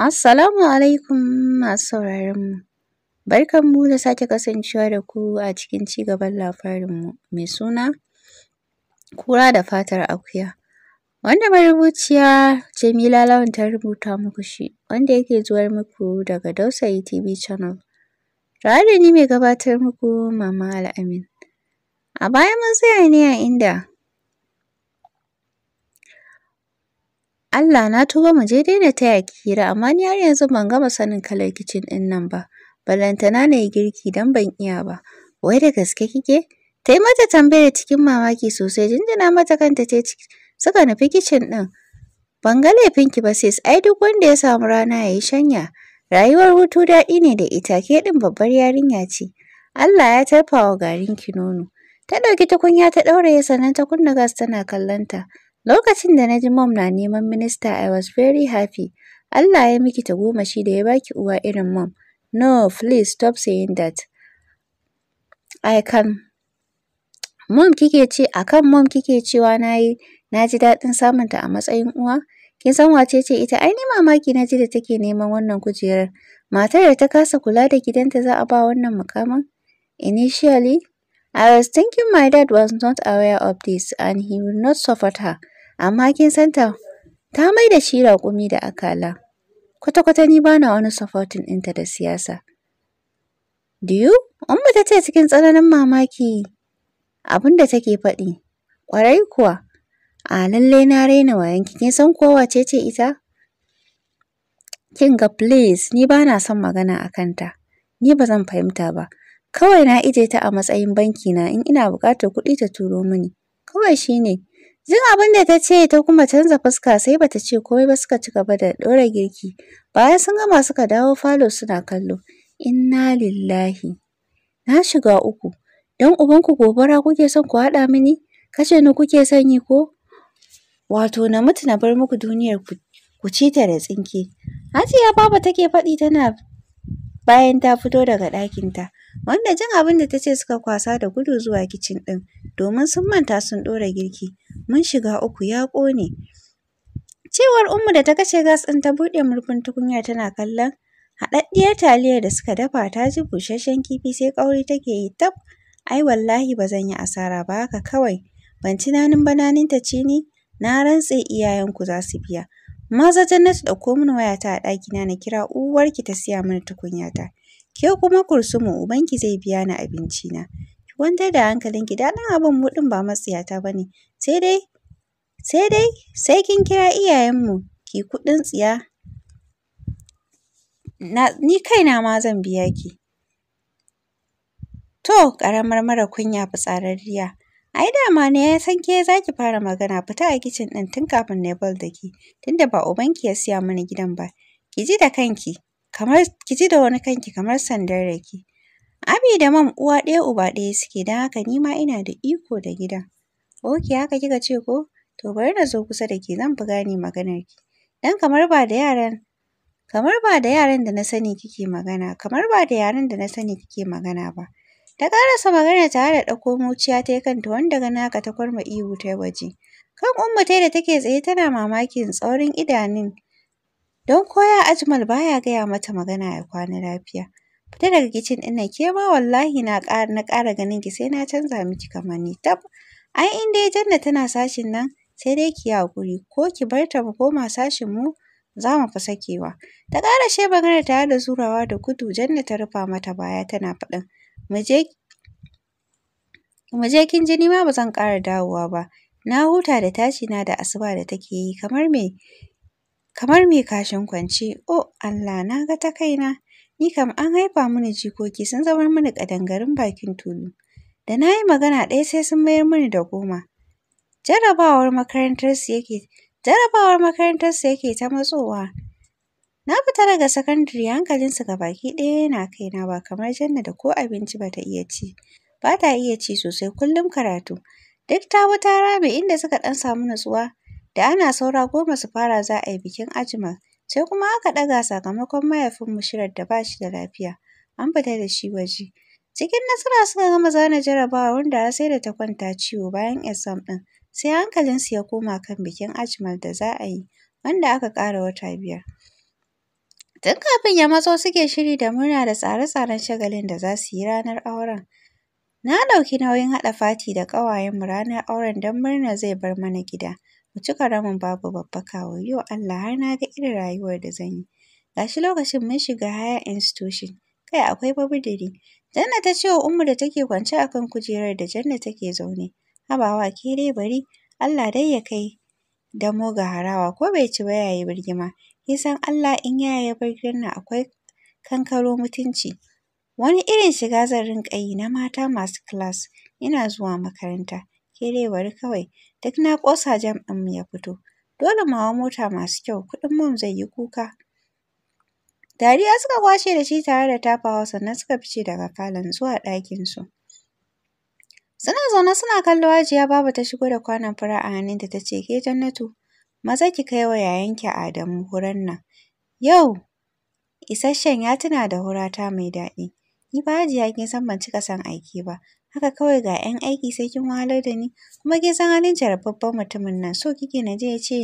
Assalamu alaikum masu sauraron mu. Barkan mu da sake kasancewa da ku a cikin cigaban labarin mu mai suna kura da fatar akuya. Wanda marubuciya Jamila Lawan ta rubuta muku shi wanda yake zuwar muku daga Dausayi TV Channel. Tare da ni mai gabatar muku Mama Al'amin. A baya mun tsaya ne a inda Allah na tuba mu je daina taya ki hira amma ni har yanzu ban gama sanin kalar kicin ɗin nan ba. Balantana na yi girki don ban iya ba. Wai da gaske kike? Ta yi mata tambaya cikin mamaki sosai jinjina mata kanta ta suka nufi kicin ɗin. Ban ga laifinki ba sis, ai duk wanda ya samu rana ya yi shanya. Rayuwar hutu daɗi ne da ita, ke ɗin babbar yarinya ce. Allah ya tarfa wa ki nono. Ta ɗauki tukunya ta ɗauraye sannan ta kunna gas tana kallon ta. Lokacin da na ji Mom na neman minista I was very happy. Allah ya miki ta goma shi da ya baki uwa irin Mom. No, please stop saying that. I can. Mom kike ce, kan Mom kike cewa na yi, na ji daɗin samunta a matsayin uwa. Kin san wace ce ita? Ai mamaki na ji da take neman wannan kujerar. Matar da ta kasa kula da gidanta za a ba wannan mukamin? Initially, I was thinking my dad was not aware of this and he would not support her. Amma kin san ta, ta mai da shi raƙumi da akala. Kwata-kwata ni bana wani supporting ɗinta da siyasa. Do you? Umma ta ce cikin tsananin mamaki abin da take faɗi. Ƙwarai kuwa, a lallai na raina wayanki, kin san kowa ce ce ita? Kinga ga please, ni bana son magana a kanta. Ni ba zan fahimta ba. Kawai na ije ta a matsayin banki na in ina buƙatar kuɗi ta turo mini. Kawai shine, ne. Jin abin da ta ce ta kuma canza fuska sai bata ce komai ba suka ci gaba da ɗora girki. Bayan sun gama suka dawo falo suna kallo. Inna lillahi. Na shiga uku. Don ubanku gobara kuke son ku haɗa mini? Kashe ni kuke son yi ko? Wato na mutu na bar muku duniyar ku ku ci ta da tsinke. Hajiya baba take faɗi tana bayan ta fito daga ɗakinta. wanda jin abin da ta ce suka kwasa da gudu zuwa kicin ɗin domin sun manta sun ɗora girki mun shiga uku ya kone. cewar ummu da ta kashe gas ɗin ta buɗe murfin tukunya tana kallon haɗaɗɗiyar taliyar da suka dafa ta ji busasshen kifi sai ƙauri take yi tab ai wallahi ba zan yi asara ba haka kawai ban nanin bananin ta ci ni na rantse iyayenku za su biya maza jannatu ɗauko min wayata a ɗakina na kira uwarki ta siya mini tukunyata Ke kuma Kursumu ubanki zai biya ni abincina. Ki kwantar da hankalinki ɗan abin mu ɗin ba matsiyata ba ne. Sai dai sai dai sai kin kira iyayenmu ki kuɗin tsiya na ni kaina ma zan biya ki. To ƙaramar mara kunya fitsararriya. Ai dama ne ya san ke za ki fara magana fita a kicin ɗin tun kafin na yi bol da ke tunda ba ubanki ya siya mana gidan ba. Ki ji da kanki. kamar ki ji da wani kanki kamar sandar rake. Abi da mam uwa ɗaya uba ɗaya suke don haka ni ma ina da iko da gida Oke haka kika ce ko? To bari na zo kusa da ke zan buga ni maganar ki. Dan kamar ba da yaran kamar ba da yaran da na sani kike magana, kamar ba da yaran da na sani kike magana ba. Ta ƙarasa magana tare da ɗauko muciya ta yi kanta wanda gana haka ta kwarma ihu ta waje. Kan ummata da take tsaye tana mamakin tsaurin idanun Don koya Ajmal baya gaya mata magana ya kwana lafiya. Fita daga kicin ɗin nan ke ma wallahi na ƙara ganin ki sai na canza miki ni tab. Ai in dai Janna tana sashin nan sai dai ki yi haƙuri ko ki bar ta mu koma sashin mu za mu fi sakewa. Ta ƙara she maganar tare da zurawa da gudu Janna ta rufa mata baya tana faɗin mu je kin jini ma ba zan ƙara dawowa ba. Na huta da tashina da asuba da take yi kamar me kamar mai kashin kwance, o Allah na ga ta kaina, ni kam an haifa mini jikoki sun zamar mini ƙadangarin bakin tulu, da na yi magana ɗaya sai sun mayar mini da goma.” Jarabawar makarantarsu yake jarabawar makarantarsu yake ta matsowa. Na fita daga sakandare hankalinsu baki ɗaya yana kaina ba kamar Janna da ko abinci ba ta iya ci, ba ta iya ci sosai kullum karatu. Duk ta bi ta rame inda suka ɗan samu natsuwa Da ana saura goma su fara za a yi bikin ajima sai kuma aka ɗaga sakamakon mahaifinmu shirar da ba shi da lafiya, an fita da shi waje. Cikin nasara suka gama zana jarrabawar wanda har sai da ta kwanta ciwo bayan exam ɗin, sai hankalin su ya koma kan bikin ajimar da za a yi, wanda aka ƙara wata biyar. Tun kafin ya matso suke shiri da murna da tsare-tsaren shagalin da za su yi ranar auren. Na ɗauki nauyin haɗa fati da ƙawayenmu ranar auren don murnar zai bar mana gida. Mu ci ramin babu babba kawo Yo Allah har na ga irin rayuwar da zan yi. Gashi lokacin mun shiga higher institution, kai akwai babudiri. Janna ta ce wa Ummu da take kwance a kan kujerar da Janna take zaune, Habawa ke dai bari, Allah dai ya kai mu ga harawa ko bai ci ba yayi yi birgima. Kin san Allah in ya yi na akwai kankaro mutunci. Wani irin shiga zan rinƙa yi na mata masu class, ina zuwa makaranta, ke dai bari kawai. Duk na ƙosa jam mu ya fito. Dole mu hau mota masu kyau, kuɗin mum zai yi kuka. Dariya suka kwashe da shi tare da tafawa sannan suka fice daga falon zuwa ɗakin su Suna zaune suna kallo Hajiya babu ta shigo da kwanon fura a hannunta ta ce, Ke Jannatu, maza ki kai wa yayanki Adamu huran nan. Yau, isasshen ya tuna da hurata mai daɗi. Ni ba Hajiya kin san ban cika son aiki ba, haka kawai ga 'yan aiki sai kin wahalar da ni kuma kin san halin jarababban mutumin nan so kike na je ce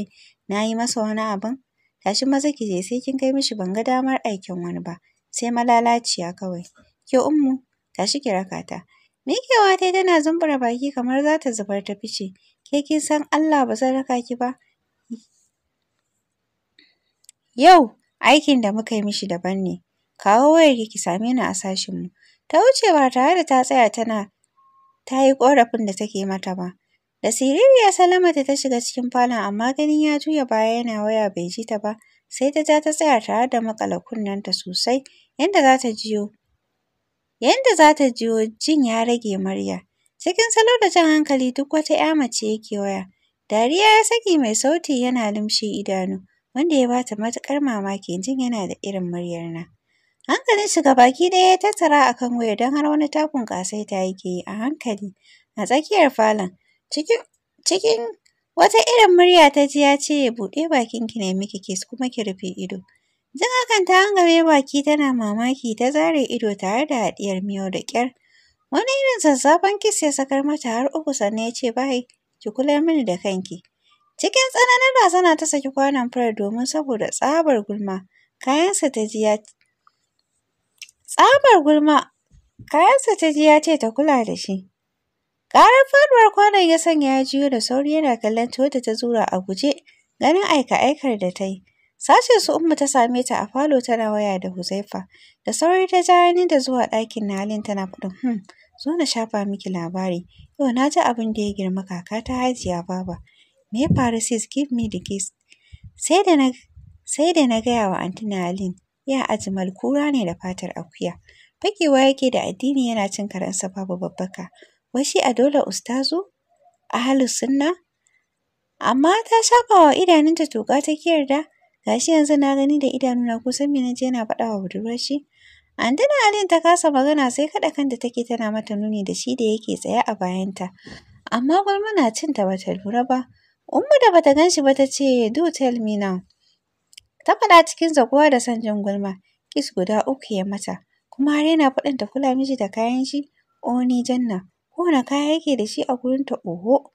na yi masa wani abin tashi maza ki je sai kin kai mishi ban ga damar aikin wani ba sai malalaciya kawai ke ummu tashi ki raka ta miƙewa tai tana zumbura baki kamar za ta zubar ta fice ke kin san Allah ba zan raka ki ba yau aikin da muka yi mishi daban ne kawo wayarki ki same ni a sashenmu ta wuce ba tare da ta tsaya tana ta yi ƙorafin da take mata ba. Da siririya salamata ta shiga cikin falon amma ganin ya juya baya yana waya bai ji ta ba, sai ta ja ta tsaya tare da maƙala kunnenta sosai yanda za ta jiyo. Yanda za ta jiyo jin ya rage murya. Cikin salo da jan hankali duk wata ‘ya mace yake waya. Dariya ya saki mai sauti yana lumshe idanu, wanda ya ba ta matuƙar mamaki jin yana da irin muryar nan. Hankalin shiga baki ɗaya ya tattara a kan wayar don har wani takun ta yake yi a hankali a tsakiyar falon. Cikin wata irin murya ta ji ya ce ya buɗe bakin ki nemi ki kuma ki rufe ido. Jin hakan ta hangame baki tana mamaki ta zare ido tare da haɗiyar miyau da ƙyar. Wani irin zazzafan kis ya sakar mata har uku sannan ya ce bai ki kula mini da kanki. Cikin tsananin razana ta saki kwanon furar domin saboda tsabar gulma. Kayansa ta ji ya tsabar gulma kayansa ta ji ya ce ta kula da shi. Ƙarar faɗuwar kwanon ya sanya ya jiyo da sauri yana kallon Toyota ta zura a guje ganin aika-aikar da ta yi. Sashen su Ummu ta same ta a falo tana waya da Huzaifa. Da sauri ta ja da zuwa ɗakin Nalin tana faɗin hmm zo na shafa miki labari. Yau na ji abin da ya girma kaka ta Hajiya Baba. Me ya faru sis give me the Sai da na sai da na gaya wa Aunty Nalin ya ajimal kura ne da fatar akuya fakewa yake da addini yana cin karensa babu babbaka Washi a dole ustazu A halu sunna amma ta shafa wa idanunta toka ta yarda gashi yanzu na gani da idanuna kusan me naje yana faɗa wa budurwar shi Andina Alin ta kasa magana sai kaɗa kanta take tana mata nuni da shi da yake tsaya a bayanta. Amma gulma na ta bata lura ba. Ummu da bata gan shi ba ta ce, Do tell me now. Ta faɗa cikin zaƙuwa da son jin gulma. Kiss guda uku ya mata. Kuma har yana faɗin ta kula mishi da kayan shi. Oh ni Janna, kowane kaya yake da shi a gurin ta oho.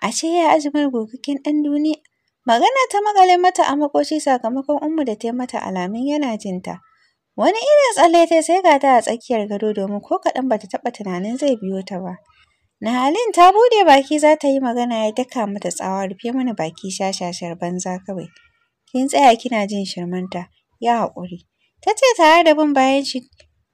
Ashe ya azumar gogaggen ɗan duniya. Magana ta maƙale mata a maƙoshi sakamakon Ummu da ta mata alamun yana jinta. Wani irin tsalle ta sai ga ta a tsakiyar gado domin ko kaɗan bata taɓa tunanin zai biyo ta ba. Nahalin ta bude baki zata yi magana ya daka mata tsawa rufe mana baki shashashar banza kawai. kin tsaya kina jin shirmanta Ya haƙuri. Ta ce tare da bin bayan shi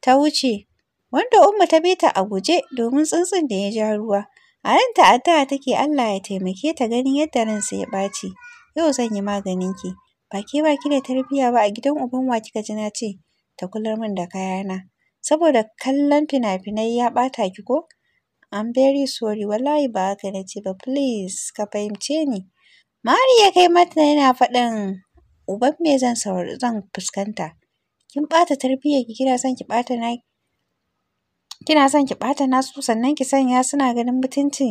ta wuce, wanda Umma ta bi ta a guje domin tsuntsun da ya ja ruwa. A ranta addu'a take Allah ya taimake ta ganin yadda ransa ya ɓaci. Yau zan yi maganin ki. Ba ke ba ki da tarbiyya ba a gidan uban wa kika ji na ce ta kular min da kayana. Saboda kallon fina-finai ya ɓata ki ko? I'm very sorry wallahi ba haka na ce ba please ka fahimce ni. Mari ya kai mata yana faɗin uban me zan zan fuskanta. Kin ɓata ki kina son ki ɓata na kina son ki ɓata nasu sannan ki sanya suna ganin mutunci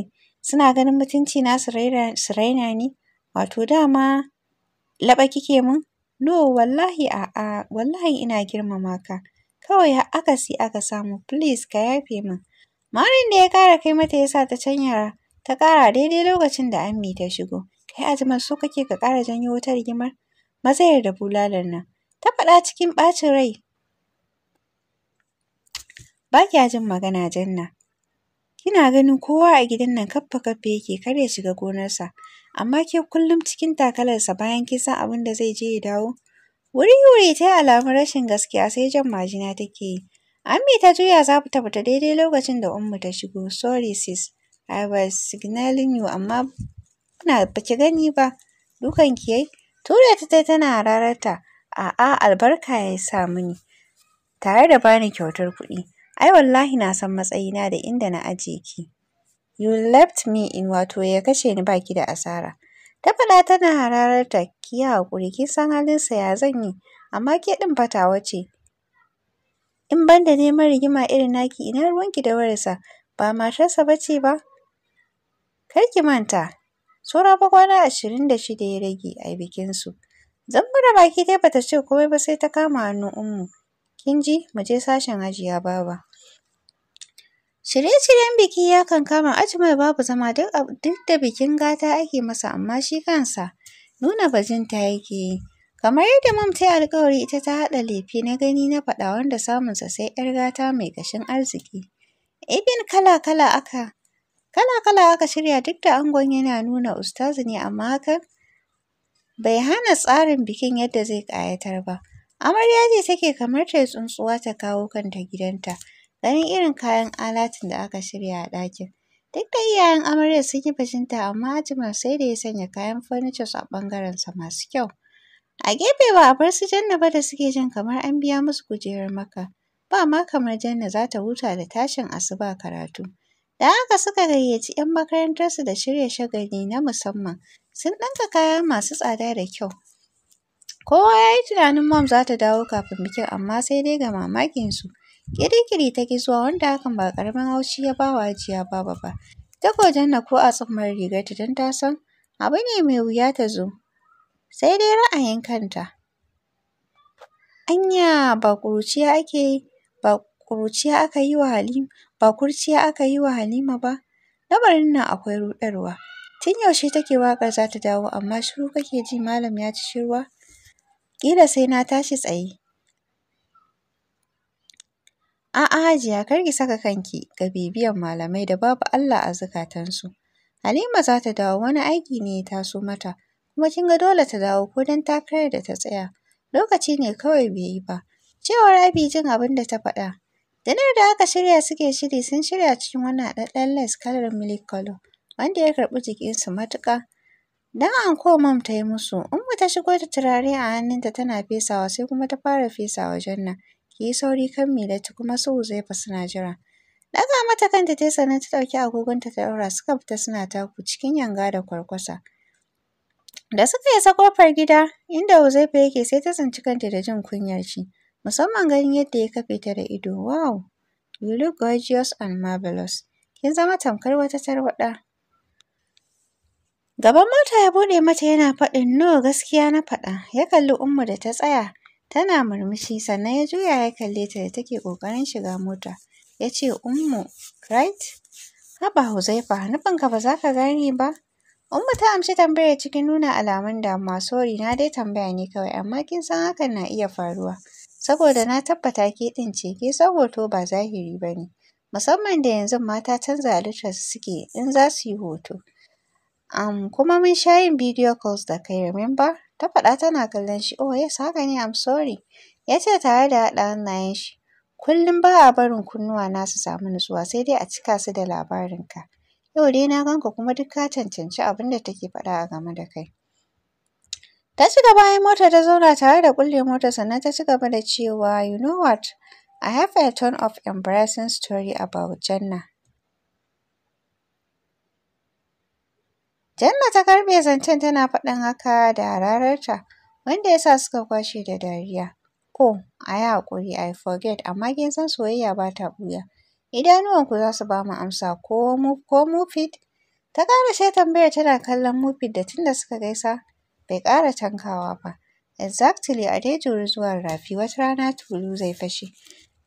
suna ganin mutunci na su raina su raina ni. Wato dama laɓa kike min? No wallahi a'a wallahi ina girmama ka. Kawai akasi aka samu please ka yafe min. Marin da ya ƙara kai mata ya sa ta canja ta ƙara daidai lokacin da Ammi ta shigo. Kai azumin so kake ka ƙara janyo wata rigimar? Maza da bulalar nan. Ta faɗa cikin ɓacin rai. Ba kya jin magana Janna. Kina ganin kowa a gidan nan kaffa-kaffa yake kar ya shiga gonarsa. Amma ke kullum cikin takalarsa bayan kin san abin da zai je ya dawo. Wuri-wuri ta yi alamun rashin gaskiya sai jan majina take yi. Ammi ta juya za ta fita daidai lokacin da Ummu ta shigo. Sorry sis, I was signaling you amma kuna baki gani ba dukan ki yayi tura ta tai tana harararta. a'a albarka ya samu ni tare da bani kyautar kuɗi ai wallahi na san matsayina da inda na aje ki you left me in wato ya kashe ni baki da asara ta faɗa tana harararta, ki yi haƙuri kin san halinsa ya zan yi amma ke ɗin fatawa ce in banda da neman rigima irin naki ina ruwanki da wayarsa ba matarsa ba ce ba kar ki manta Sura fa kwana ashirin da shida ya rage a bikinsu. Zan buɗe baki dai bata ce komai ba sai ta kama hannun Ummu. Kin ji mu je sashen Hajiya Baba. Shirye-shiryen biki ya kankama Ajmal babu zama duk da bikin gata ake masa amma shi kansa nuna bajinta yake yi. Kamar yadda Mam ta yi alƙawari ita ta haɗa lefe na gani na faɗa wanda samunsa sai 'yar gata mai ƙashin arziki. Ibin kala-kala aka Kala-kala aka shirya duk da angon yana nuna ustazi ne amma hakan bai hana tsarin bikin yadda zai ƙayatar ba. Amarya ce take kamar ta yi tsuntsuwa ta kawo kanta gidanta, ganin irin kayan alatin da aka shirya a ɗakin. Duk da iyayen amaryar sun yi bajinta amma Ajiman sai da ya sanya kayan furnitures a ɓangarensa masu kyau. A gefe ba a bar su Janna ba da suke jin kamar an biya musu kujerar maka, ba ma kamar Janna za ta huta da tashin asuba karatu. Da haka suka gayyaci 'yan makarantarsu da shirya shagali na musamman. Sun ɗanka kaya masu tsada da kyau. Kowa ya yi tunanin Mom za ta dawo kafin bikin amma sai dai ga mamakinsu. Kirikiri ta ki zuwa wanda hakan ba ƙaramin haushi ya ba wa ajiya Baba ba. Ta na ko a tsummar rigarta don ta san abu ne mai wuya ta zo. Sai dai ra'ayin kanta. Anya ba ƙuruciya ba ƙuruciya aka yi wa Halima ba kurciya aka yi wa Halima ba? Lamarin nan akwai ruɗarwa. Tun yaushe take waƙar za ta dawo amma shiru kake ji malam ya ci shirwa? Ƙila sai na tashi tsaye. A'a Hajiya kar ki saka kanki ga bibiyan malamai da babu Allah a zukatansu. Halima za ta dawo wani aiki ne ya taso mata kuma kin ga dole ta dawo ko don takarar da ta tsaya. Lokaci ne kawai bai yi ba. Cewa Rabi jin abin da ta faɗa Dinar da aka shirya suke shiri sun shirya cikin wani haɗaɗɗen lace kalar milk colour wanda ya karɓi jikinsu matuƙa. Don anko Mom ta yi musu, Ummu ta shigo da turare a hannunta tana fesawa sai kuma ta fara fesawa Janna. Ki yi sauri kan Milatu kuma su Huzaifa suna jira. Ɗaga mata kanta ta yi sannan ta ɗauki agogonta ta ɗaura suka fita suna taku cikin yanga da kwarkwasa. Da suka isa ƙofar gida inda Huzaifa yake sai ta tsinci kanta da jin kunyar shi. musamman ganin yadda ya kafe ta da ido. Wow! You look gorgeous and marvelous. Kin zama tamkar wata tarwaɗa. Gaban mota ya buɗe mata yana faɗin no gaskiya na faɗa. Ya kalli Ummu da ta tsaya tana murmushi sannan ya juya ya kalle ta da take ƙoƙarin shiga mota. Ya ce Ummu, right? Haba Huzaifa, nufinka ba za ka gane ba? Ummu ta amshi tambayar cikin nuna alamun damuwa. Sorry na dai tambaya ne kawai amma kin san hakan na iya faruwa. saboda na tabbata ke ɗin ce, ke hoto ba zahiri ba ne. Musamman da yanzu mata canza halittarsu suke in za su yi hoto. Um, kuma mun sha yin video calls da kai remember? Ta faɗa tana kallon shi, oh yes haka ne I'm sorry. Ya ce tare da haɗa hannayen shi. Kullum ba a barin kunnuwa na su samu nutsuwa sai dai a cika su da labarinka. Yau dai na ganka kuma duk ka cancanci abin da take faɗa a game da kai. Ta ci gaba bayan mota ta zauna tare da kulle mota, sannan ta ci gaba da cewa you know what I have a ton of embarrassing story about Jannah. Janna ta karbe zancen tana faɗin haka da rararta wanda ya sa suka kwashe da dariya. Oh, a yi haƙuri, I forget, amma kin san soyayya ba ta ɓuya. ku za su ba mu amsa ko mu ko fit. Ta ƙara sai tambayar tana kallon mufit da tunda suka gaisa Bai ƙara tankawa ba. Exactly a dai juri zuwan rafi wata rana tulu zai fashe.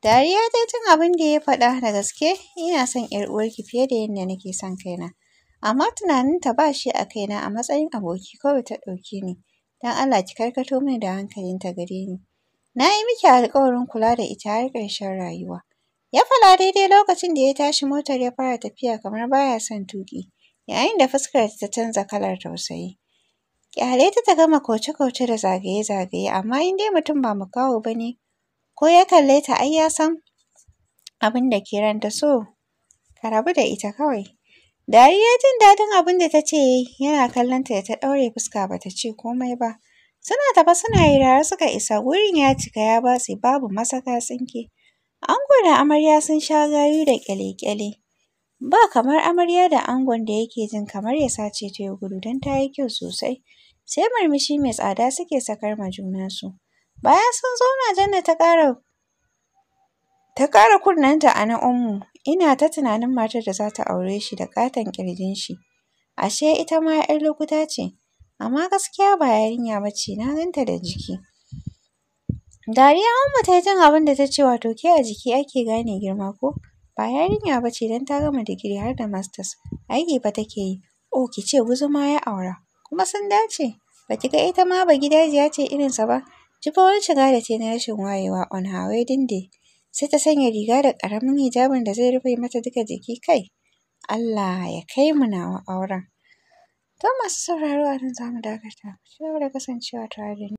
Dariya dai tun abin da ya faɗa da gaske ina son ƴar uwarki fiye da yadda nake son kaina. Amma tunaninta ba shi a kaina a matsayin aboki kawai ta ɗauke ni. Don Allah ki karkato mini da hankalinta gare ni. Na yi miki alƙawarin kula da ita har ƙarshen rayuwa. Ya fala daidai lokacin da ya tashi motar ya fara tafiya kamar baya son tuƙi, yayin da fuskarta ta canza kalar tausayi. kyale ta ta gama kauce-kauce da zagaye-zagaye amma in dai mutum ba mukawo ba ne ko ya kalle ta ai ya san abin da ke ranta so ka rabu da ita kawai. Dariya jin daɗin abin da ta ce yana kallon ta da ta ɗaure fuska ba ta ce komai ba. Suna tafe suna hira har suka isa wurin ya cika ya batse babu masaka tsinke. Ango da amarya sun sha gayu da ƙyale-ƙyale. Ba kamar amarya da angon da yake jin kamar ya sace ta ya gudu don ta yi kyau sosai. sai murmushi mai tsada suke sakar ma junansu. Bayan sun zauna Janna ta ƙara ta ƙara kunnenta a na Ummu, ina ta tunanin matar da za ta aure shi da ƙaton ƙirjin shi. Ashe ita ma ƴar lukuta ce, amma gaskiya ba yarinya ba ce, na ganta da jiki. Dariya Ummu ta yi jin abin da ta ce wato ke a jiki ake gane girma ko? Ba yarinya ba ce don ta gama digiri har da masters, aiki fa take yi. Oh ki ce guzuma ya aura. kuma sun dace. Ba ki ga ita ma ba gidajiya ce irinsa ba. Jifa shiga da ce na rashin wayewa on her wedding day. Sai ta sanya riga da ƙaramin hijabin da zai rufe mata duka jiki kai. Allah ya kai mu nawa auren. To masu sauraro a nan za dakata. Ku ci gaba da kasancewa tare da ni.